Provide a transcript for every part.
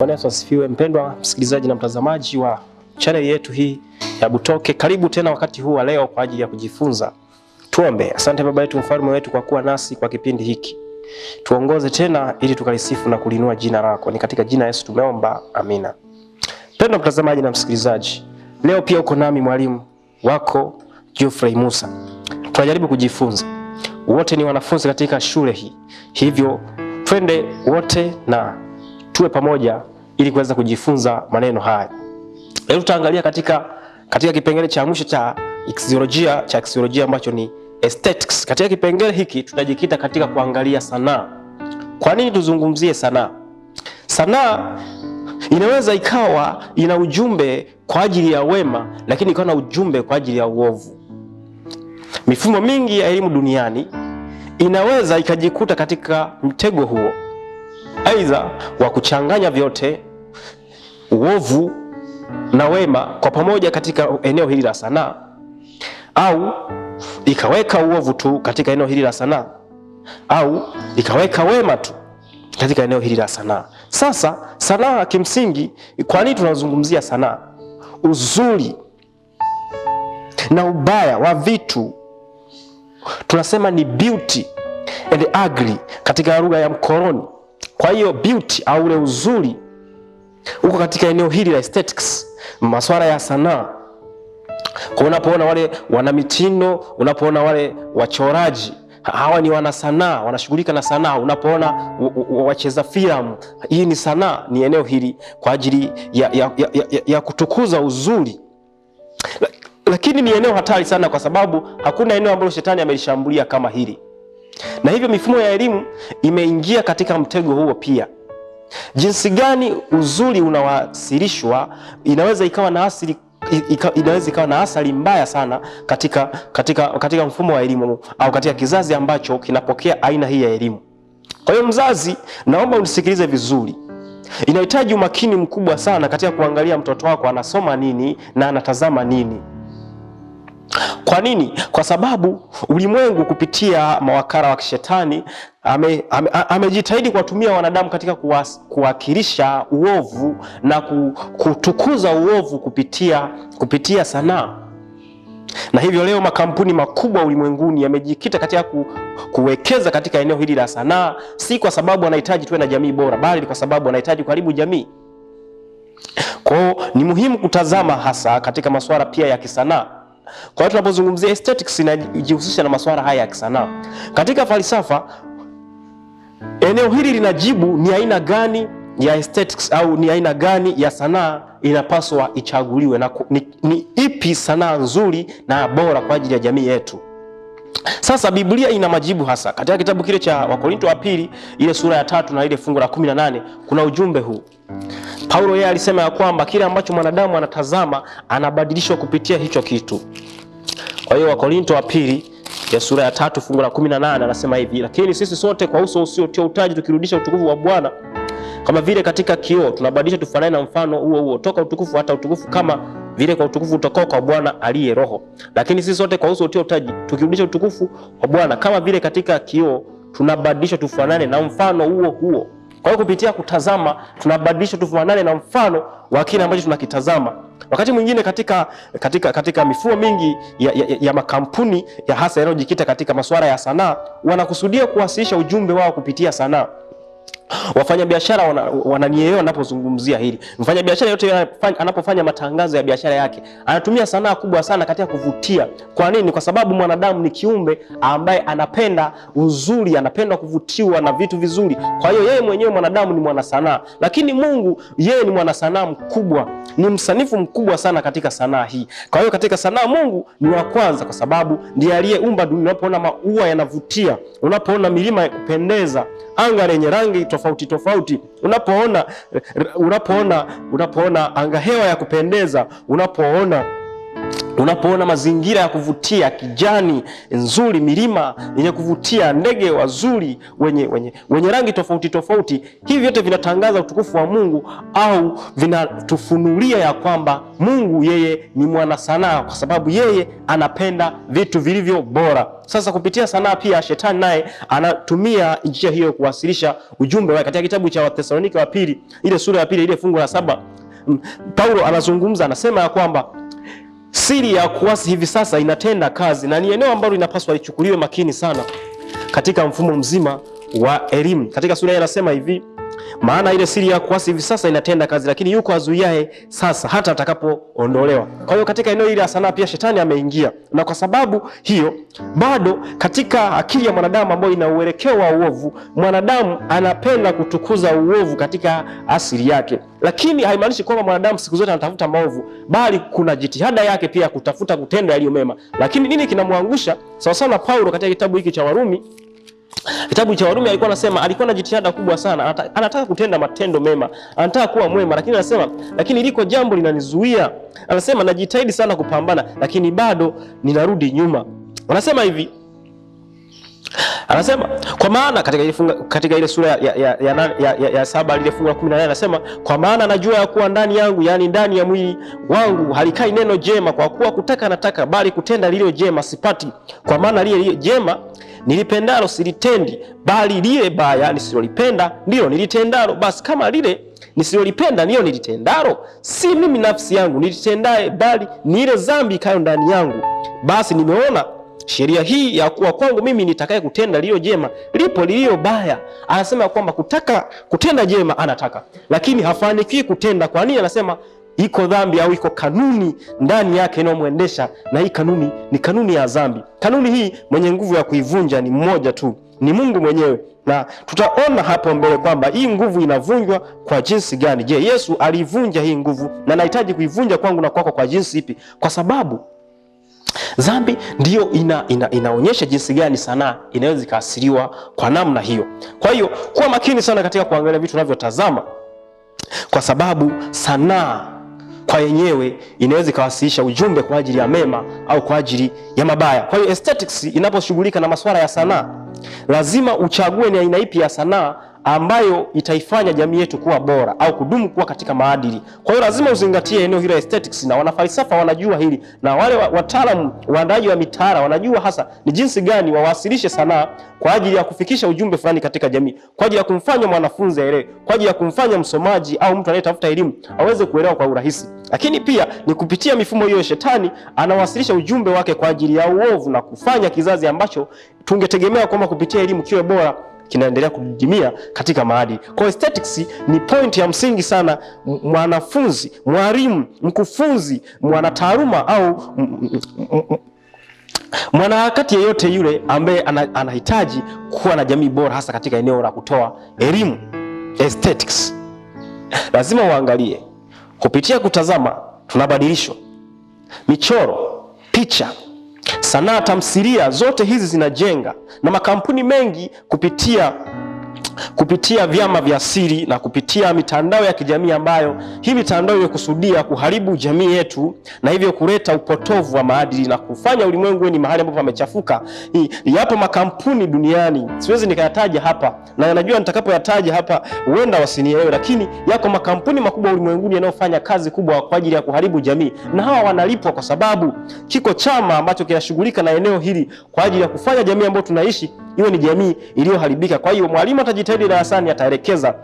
Bwana Yesu asifiwe, mpendwa msikilizaji na mtazamaji wa chaneli yetu hii ya Butoke, karibu tena wakati huu wa leo kwa ajili ya kujifunza. Tuombe. Asante Baba yetu, mfalme wetu, kwa kuwa nasi kwa kipindi hiki, tuongoze tena ili tukalisifu na kulinua jina lako, ni katika jina Yesu tumeomba, amina. Mpendwa mtazamaji na msikilizaji, leo pia uko nami mwalimu wako Geoffrey Musa, tunajaribu kujifunza. Wote ni wanafunzi katika shule hii, hivyo twende wote na tuwe pamoja ili kuweza kujifunza maneno haya. Leo tutaangalia katika, katika kipengele cha mwisho cha eksiolojia cha eksiolojia ambacho ni aesthetics. Katika kipengele hiki tutajikita katika kuangalia sanaa. Kwa nini tuzungumzie sanaa? Sanaa inaweza ikawa ina ujumbe kwa ajili ya wema, lakini ikawa na ujumbe kwa ajili ya uovu. Mifumo mingi ya elimu duniani inaweza ikajikuta katika mtego huo. Aidha, wa kuchanganya vyote uovu na wema kwa pamoja katika eneo hili la sanaa, au ikaweka uovu tu katika eneo hili la sanaa, au ikaweka wema tu katika eneo hili la sanaa. Sasa sanaa kimsingi, kwa nini tunazungumzia sanaa? Uzuri na ubaya wa vitu tunasema ni beauty and ugly katika lugha ya mkoroni. Kwa hiyo beauty au ule uzuri uko katika eneo hili la aesthetics, masuala ya sanaa. Kwa unapoona wale wana mitindo, unapoona wale wachoraji hawa ni wana sanaa, wanashughulika na sanaa. Unapoona wacheza filamu, hii ni sanaa, ni eneo hili kwa ajili ya, ya, ya, ya, ya kutukuza uzuri. Lakini ni eneo hatari sana, kwa sababu hakuna eneo ambalo shetani amelishambulia kama hili na hivyo mifumo ya elimu imeingia katika mtego huo pia. Jinsi gani uzuri unawasilishwa inaweza ikawa na asili inaweza ikawa na athari mbaya sana katika, katika, katika mfumo wa elimu au katika kizazi ambacho kinapokea aina hii ya elimu. Kwa hiyo mzazi, naomba unisikilize vizuri. Inahitaji umakini mkubwa sana katika kuangalia mtoto wako anasoma nini na anatazama nini. Kwa nini? Kwa sababu ulimwengu kupitia mawakala wa kishetani amejitahidi ame, ame kuwatumia wanadamu katika kuwakilisha uovu na kutukuza uovu kupitia, kupitia sanaa. Na hivyo leo makampuni makubwa ulimwenguni yamejikita katika ku, kuwekeza katika eneo hili la sanaa, si kwa sababu anahitaji tuwe na jamii bora, bali kwa sababu anahitaji kuharibu jamii. Kwao ni muhimu kutazama hasa katika masuala pia ya kisanaa. Kwa hiyo tunapozungumzia aesthetics inajihusisha na masuala haya ya kisanaa. Katika falsafa, eneo hili linajibu ni aina gani ya aesthetics au ni aina gani ya sanaa inapaswa ichaguliwe na ni, ni ipi sanaa nzuri na bora kwa ajili ya jamii yetu. Sasa Biblia ina majibu hasa. Katika kitabu kile cha Wakorinto wa pili ile sura ya tatu na ile fungu la 18 kuna ujumbe huu. Paulo yeye alisema ya kwamba kile ambacho mwanadamu anatazama anabadilishwa kupitia hicho kitu. Kwa hiyo Wakorinto wa pili ya sura ya tatu fungu la 18 anasema hivi, lakini sisi sote kwa uso usiotia utaji tukirudisha utukufu wa Bwana kama vile katika kioo tunabadilisha tufanane na mfano huo huo toka utukufu hata utukufu kama vile kwa utukufu utakao kwa Bwana aliye Roho. Lakini sisi sote kwa uso utio utiotaji tukirudisha utukufu kwa Bwana kama vile katika kioo, tunabadilishwa tufanane na mfano huo huo. Kwa hiyo kupitia kutazama tunabadilishwa tufanane na mfano wa kile ambacho tunakitazama. Wakati mwingine katika, katika, katika mifumo mingi ya, ya, ya makampuni ya hasa yanayojikita katika masuala ya sanaa wanakusudia kuwasilisha ujumbe wao kupitia sanaa. Wafanyabiashara wananielewa wana ninapozungumzia hili. Mfanyabiashara yote anapofanya matangazo ya biashara yake anatumia sanaa kubwa sana katika kuvutia. Kwa nini? Kwa sababu mwanadamu ni kiumbe ambaye anapenda uzuri, anapenda kuvutiwa na vitu vizuri. Kwa hiyo yeye mwenyewe mwanadamu ni mwanasanaa, lakini Mungu yeye ni mwanasanaa mkubwa, ni msanifu mkubwa sana katika sanaa hii. Kwa hiyo katika sanaa Mungu ni wa kwanza, kwa sababu ndiye aliyeumba dunia. Unapoona maua yanavutia, unapoona milima ya kupendeza, anga lenye rangi tofauti tofauti, unapoona eh, unapoona unapoona anga hewa ya kupendeza, unapoona Unapoona mazingira ya kuvutia kijani nzuri, milima yenye kuvutia, ndege wazuri wenye, wenye, wenye rangi tofauti tofauti, hivi vyote vinatangaza utukufu wa Mungu au vinatufunulia ya kwamba Mungu yeye ni mwana sanaa, kwa sababu yeye anapenda vitu vilivyo bora. Sasa kupitia sanaa pia shetani naye anatumia njia hiyo kuwasilisha ujumbe wake. Katika kitabu cha Wathesalonike wa pili ile sura ya pili ile fungu la saba mm, Paulo anazungumza anasema ya kwamba Siri ya kuasi hivi sasa inatenda kazi na ni eneo ambalo linapaswa lichukuliwe makini sana katika mfumo mzima wa elimu. Katika sura hii anasema hivi maana ile siri ya kuasi hivi sasa inatenda kazi, lakini yuko azuiaye sasa hata atakapoondolewa. Kwa hiyo katika eneo hili la sanaa pia shetani ameingia, na kwa sababu hiyo bado katika akili ya mwanadamu ambayo ina uelekeo wa uovu, mwanadamu anapenda kutukuza uovu katika asili yake, lakini haimaanishi kwamba mwanadamu siku zote anatafuta maovu, bali kuna jitihada yake pia kutafuta kutenda yaliyo mema. Lakini nini kinamwangusha? Sawasawa na Paulo katika kitabu hiki cha Warumi Kitabu cha Warumi alikuwa anasema, alikuwa na jitihada kubwa sana, anataka kutenda matendo mema, anataka kuwa mwema, lakini anasema, lakini liko jambo linanizuia. Anasema najitahidi sana kupambana, lakini bado ninarudi nyuma. Anasema hivi Anasema kwa maana katika ile funga, katika ile sura ya, ya, ya, ya, ya, ya saba ile fungu la 18 anasema kwa maana najua ya kuwa ndani yangu, yani ndani ya mwili wangu halikai neno jema, kwa kuwa kutaka nataka, bali kutenda lile jema sipati. Kwa maana lile jema nilipendalo silitendi, bali lile baya nisilolipenda ndilo nilitendalo. Basi kama lile nisilolipenda ndiyo nilitendalo, si mimi nafsi yangu nilitendaye, bali ni ile dhambi ikayo ndani yangu. Basi nimeona sheria hii ya kuwa kwangu mimi nitakaye kutenda lilo jema lipo lilio baya. Anasema kwamba kutaka kutenda jema anataka, lakini hafanikiwi kutenda. Kwa nini? Anasema iko dhambi au iko kanuni ndani yake inayomwendesha, na hii kanuni ni kanuni ya dhambi. Kanuni hii mwenye nguvu ya kuivunja ni mmoja tu, ni Mungu mwenyewe, na tutaona hapo mbele kwamba hii nguvu inavunjwa kwa jinsi gani. Je, Yesu alivunja hii nguvu, na nahitaji kuivunja kwangu na kwako kwa jinsi ipi? Kwa sababu Dhambi ndiyo ina, ina, inaonyesha jinsi gani sanaa inaweza ikaasiriwa kwa namna hiyo. Kwa hiyo kuwa makini sana katika kuangalia vitu unavyotazama, kwa sababu sanaa kwa yenyewe inaweza ikawasilisha ujumbe kwa ajili ya mema au kwa ajili ya mabaya. Kwa hiyo aesthetics inaposhughulika na masuala ya sanaa, lazima uchague ni aina ipi ya sanaa ambayo itaifanya jamii yetu kuwa bora au kudumu kuwa katika maadili. Kwa hiyo lazima uzingatie eneo hilo aesthetics, na wanafalsafa wanajua hili na wale wataalamu waandaji wa mitaala wanajua hasa ni jinsi gani wawasilishe sanaa kwa ajili ya kufikisha ujumbe fulani katika jamii, kwa ajili ya kumfanya mwanafunzi aelewe, kwa ajili ya kumfanya msomaji au mtu anayetafuta elimu aweze kuelewa kwa urahisi. Lakini pia ni kupitia mifumo hiyo, shetani anawasilisha ujumbe wake kwa ajili ya uovu na kufanya kizazi ambacho tungetegemea kwamba kupitia elimu kiwe bora kinaendelea kudidimia katika maadili. Kwa hiyo aesthetics ni point ya msingi sana. Mwanafunzi, mwalimu, mkufunzi, mwanataaluma au mwanaharakati yeyote yule ambaye anahitaji kuwa na jamii bora, hasa katika eneo la kutoa elimu aesthetics, lazima uangalie kupitia kutazama, tunabadilishwa michoro, picha sanaa tamthilia, zote hizi zinajenga na makampuni mengi kupitia kupitia vyama vya siri na kupitia mitandao ya kijamii ambayo hii mitandao imekusudia kuharibu jamii yetu na hivyo kuleta upotovu wa maadili na kufanya ulimwengu ni mahali ambapo pamechafuka. Yapo makampuni duniani, siwezi nikayataja hapa, na najua nitakapoyataja hapa huenda wasinielewe, lakini yako makampuni makubwa ulimwenguni yanayofanya kazi kubwa kwa ajili ya kuharibu jamii, na hawa wanalipwa kwa sababu kiko chama ambacho kinashughulika na eneo hili kwa ajili ya kufanya jamii ambayo tunaishi iwe ni jamii iliyoharibika. Kwa hiyo mwalimu atajitahidi darasani, ataelekeza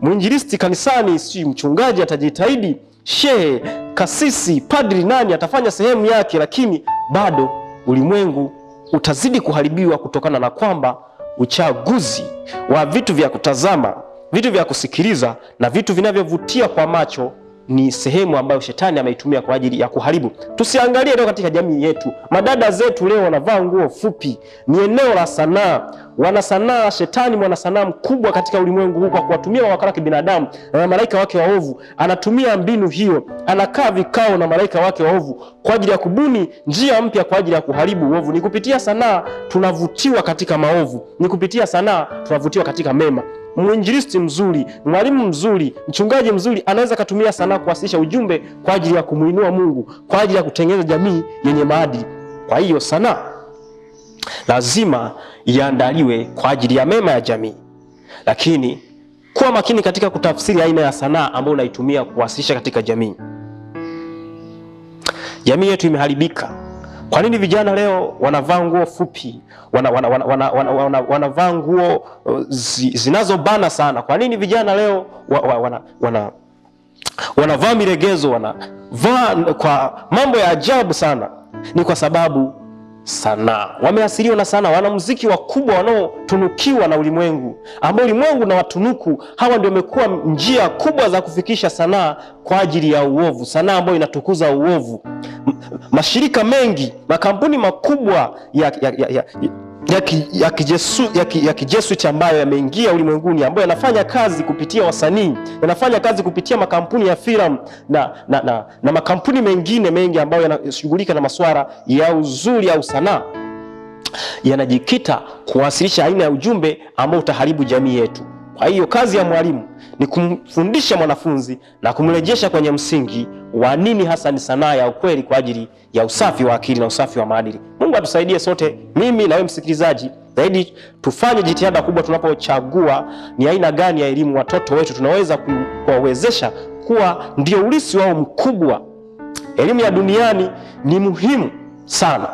mwinjilisti kanisani, si mchungaji atajitahidi, shehe, kasisi, padri, nani atafanya sehemu yake, lakini bado ulimwengu utazidi kuharibiwa kutokana na kwamba uchaguzi wa vitu vya kutazama, vitu vya kusikiliza na vitu vinavyovutia kwa macho ni sehemu ambayo shetani ameitumia kwa ajili ya kuharibu. Tusiangalie leo katika jamii yetu, madada zetu leo wanavaa nguo fupi, ni eneo la sanaa. Wana sanaa, shetani mwana sanaa mkubwa katika ulimwengu huu, kwa kuwatumia mawakala wa kibinadamu na malaika wake waovu. Anatumia mbinu hiyo, anakaa vikao na malaika wake waovu kwa ajili ya kubuni njia mpya kwa ajili ya kuharibu uovu. Ni kupitia sanaa tunavutiwa katika maovu, ni kupitia sanaa tunavutiwa katika mema mwinjilisti mzuri, mwalimu mzuri, mchungaji mzuri anaweza akatumia sanaa kuwasilisha ujumbe kwa ajili ya kumwinua Mungu, kwa ajili ya kutengeneza jamii yenye maadili. Kwa hiyo sanaa lazima iandaliwe kwa ajili ya mema ya jamii, lakini kuwa makini katika kutafsiri aina ya sanaa ambayo unaitumia kuwasilisha katika jamii. Jamii yetu imeharibika. Kwa nini vijana leo wanavaa nguo fupi, wanavaa wana, wana, wana, wana, wana nguo uh, zi, zinazobana sana? Kwa nini vijana leo wanavaa wana, wana, miregezo, wanavaa kwa mambo ya ajabu sana? Ni kwa sababu sanaa, wameasiriwa na sanaa. Wanamuziki wakubwa wanaotunukiwa na ulimwengu, ambao ulimwengu na watunuku hawa ndio wamekuwa njia kubwa za kufikisha sanaa kwa ajili ya uovu, sanaa ambayo inatukuza uovu mashirika mengi, makampuni makubwa ya, ya, ya, ya, ya ya ki, ya ki ambayo yameingia ulimwenguni ambayo yanafanya kazi kupitia wasanii, yanafanya kazi kupitia makampuni ya filamu na, na, na, na makampuni mengine mengi ambayo yanashughulika na masuala ya uzuri au sanaa, yanajikita kuwasilisha aina ya ujumbe ambao utaharibu jamii yetu. Kwa hiyo kazi ya mwalimu ni kumfundisha mwanafunzi na kumrejesha kwenye msingi wa nini hasa ni sanaa ya ukweli kwa ajili ya usafi wa akili na usafi wa maadili. Mungu atusaidie sote, mimi na wewe msikilizaji, zaidi tufanye jitihada kubwa tunapochagua ni aina gani ya elimu watoto wetu tunaweza kuwawezesha kuwa ndio urithi wao mkubwa. Elimu ya duniani ni muhimu sana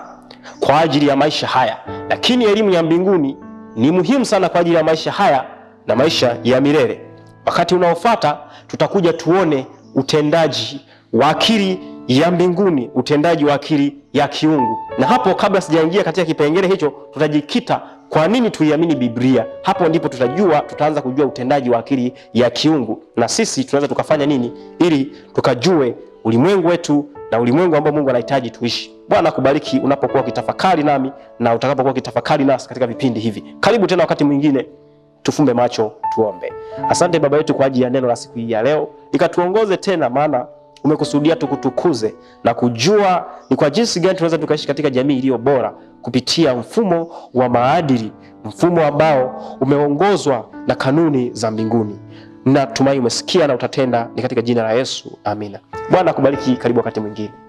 kwa ajili ya maisha haya, lakini elimu ya mbinguni ni muhimu sana kwa ajili ya maisha haya na maisha ya milele. Wakati unaofuata tutakuja tuone utendaji wa akili ya mbinguni, utendaji wa akili ya kiungu. Na hapo, kabla sijaingia katika kipengele hicho, tutajikita kwa nini tuiamini Biblia. Hapo ndipo tutajua, tutaanza kujua utendaji wa akili ya kiungu, na sisi tunaweza tukafanya nini ili tukajue ulimwengu wetu na ulimwengu ambao Mungu anahitaji tuishi. Bwana akubariki unapokuwa ukitafakari nami na utakapokuwa ukitafakari nasi katika vipindi hivi. Karibu tena wakati mwingine tufumbe macho tuombe. Asante Baba yetu kwa ajili ya neno la siku hii ya leo, ikatuongoze tena, maana umekusudia tukutukuze na kujua ni kwa jinsi gani tunaweza tukaishi katika jamii iliyo bora kupitia mfumo wa maadili, mfumo ambao umeongozwa na kanuni za mbinguni. Natumai umesikia na utatenda, ni katika jina la Yesu, amina. Bwana akubariki. Karibu wakati mwingine.